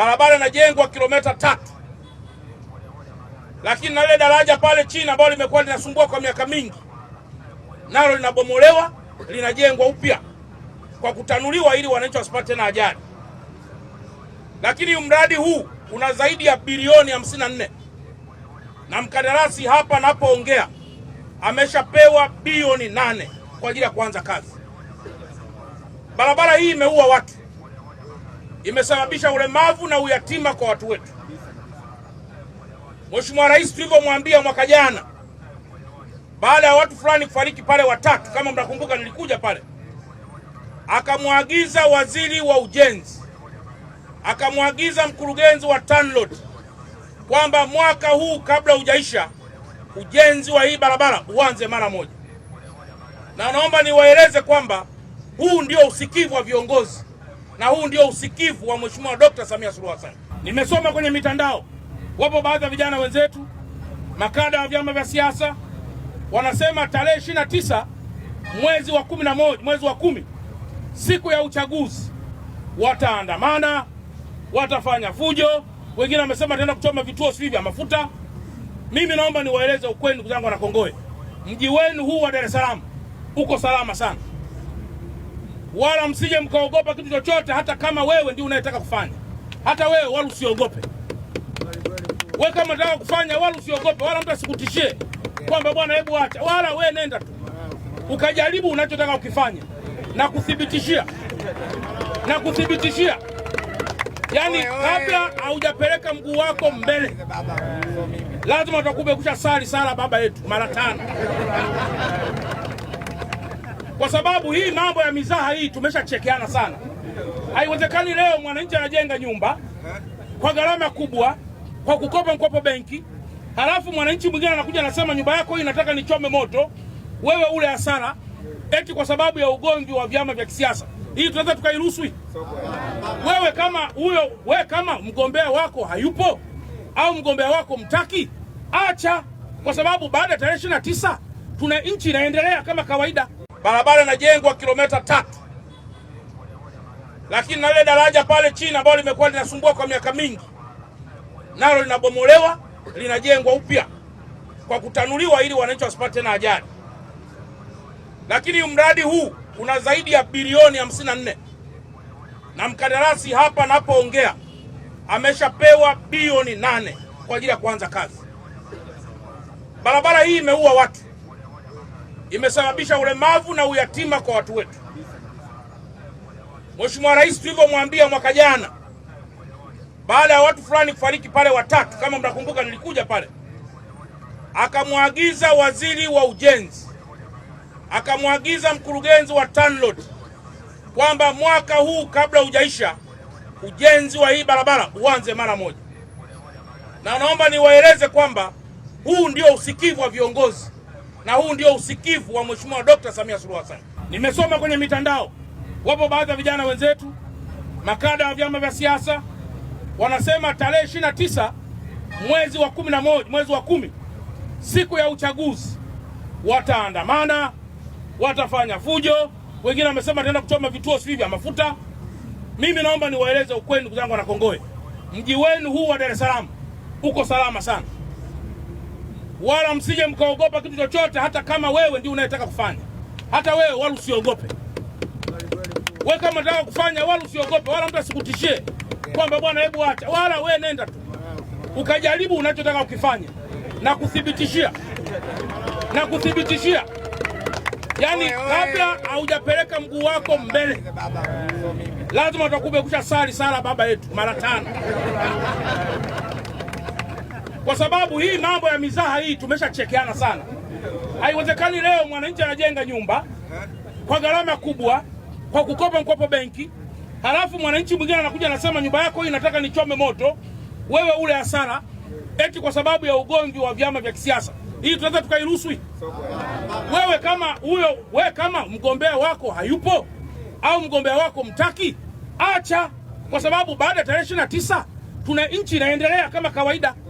barabara inajengwa kilomita tatu, lakini na daraja pale chini ambalo limekuwa linasumbua kwa miaka mingi, nalo linabomolewa linajengwa upya kwa kutanuliwa, ili wananchi wasipate tena ajali. Lakini mradi huu una zaidi ya bilioni 54 na mkandarasi hapa anapoongea ameshapewa bilioni nane kwa ajili ya kuanza kazi. Barabara hii imeua watu imesababisha ulemavu na uyatima kwa watu wetu. Mheshimiwa Rais tulivyomwambia mwaka jana, baada ya watu fulani kufariki pale watatu, kama mnakumbuka, nilikuja pale, akamwagiza waziri wa ujenzi, akamwagiza mkurugenzi wa TANROADS kwamba mwaka huu kabla hujaisha ujenzi wa hii barabara uanze mara moja, na naomba niwaeleze kwamba huu ndio usikivu wa viongozi na huu ndio usikivu wa Mheshimiwa Dr. Samia Suluhu Hassan. Nimesoma kwenye mitandao, wapo baadhi ya vijana wenzetu makada wa vyama vya siasa wanasema tarehe ishirini na tisa mwezi wa kumi na moja mwezi wa kumi siku ya uchaguzi wataandamana, watafanya fujo, wengine wamesema wataenda kuchoma vituo sivyo vya mafuta. Mimi naomba niwaeleze ukweli, ndugu zangu wanakongoe, mji wenu huu wa Dar es Salaam uko salama sana wala msije mkaogopa kitu chochote, hata kama wewe ndio unayetaka kufanya. Hata wewe wala usiogope, we kama unataka kufanya wala usiogope, wala mtu asikutishie kwamba bwana, hebu acha, wala we nenda tu ukajaribu unachotaka ukifanya, na kuthibitishia na kuthibitishia, yaani kabla haujapeleka mguu wako mbele, lazima utakubekusha sali sala Baba yetu mara tano kwa sababu hii mambo ya mizaha hii tumeshachekeana sana. Haiwezekani leo mwananchi anajenga nyumba kwa gharama kubwa kwa kukopa mkopo benki, halafu mwananchi mwingine anakuja anasema nyumba yako hii nataka nichome moto, wewe ule hasara eti kwa sababu ya ugomvi wa vyama vya kisiasa. Hii tunaweza tukairuhusu? Wewe kama huyo, wewe kama mgombea wako hayupo au mgombea wako mtaki, acha, kwa sababu baada ya tarehe ishirini na tisa tuna nchi inaendelea kama kawaida barabara inajengwa kilomita tatu, lakini na ile daraja pale chini ambalo limekuwa linasumbua kwa miaka mingi, nalo linabomolewa linajengwa upya kwa kutanuliwa, ili wananchi wasipate na ajali. Lakini mradi huu una zaidi ya bilioni hamsini na nne na mkandarasi hapa anapoongea ameshapewa bilioni nane kwa ajili ya kuanza kazi. Barabara hii imeua watu imesababisha ulemavu na uyatima kwa watu wetu. Mheshimiwa Rais tulivyomwambia mwaka jana, baada ya watu fulani kufariki pale watatu, kama mnakumbuka, nilikuja pale, akamwagiza waziri wa ujenzi, akamwagiza mkurugenzi wa TANROADS kwamba mwaka huu kabla hujaisha ujenzi wa hii barabara uanze mara moja, na naomba niwaeleze kwamba huu ndio usikivu wa viongozi na huu ndio usikivu wa Mheshimiwa Dkt. Samia Suluhu Hassan. Nimesoma kwenye mitandao, wapo baadhi ya vijana wenzetu makada wa vyama vya siasa wanasema tarehe tisa mwezi wa kumi na moja, mwezi wa kumi, siku ya uchaguzi wataandamana, watafanya fujo. Wengine wamesema wataenda kuchoma vituo sivi vya mafuta. Mimi naomba niwaeleze ukweli, ndugu zangu wanakongoe, mji wenu huu wa Dar es Salaam uko salama sana wala msije mkaogopa kitu chochote, hata kama wewe ndio unayetaka kufanya. Hata wewe wala usiogope, we kama unataka kufanya wala usiogope, wala mtu asikutishie kwamba bwana, hebu acha, wala we nenda tu ukajaribu unachotaka ukifanya, na kuthibitishia na kuthibitishia Yaani, kabla haujapeleka mguu wako mbele, lazima utakube kusha sali sala Baba yetu mara tano kwa sababu hii mambo ya mizaha hii tumeshachekeana sana. Haiwezekani leo mwananchi anajenga nyumba kwa gharama kubwa kwa kukopa mkopo benki, halafu mwananchi mwingine anakuja anasema nyumba yako hii nataka nichome moto, wewe ule hasara eti kwa sababu ya ugomvi wa vyama vya kisiasa. Hii tunaweza tukairuhusu? Wewe kama huyo, wewe kama mgombea wako hayupo au mgombea wako mtaki, acha, kwa sababu baada ya tarehe ishirini na tisa tuna nchi inaendelea kama kawaida.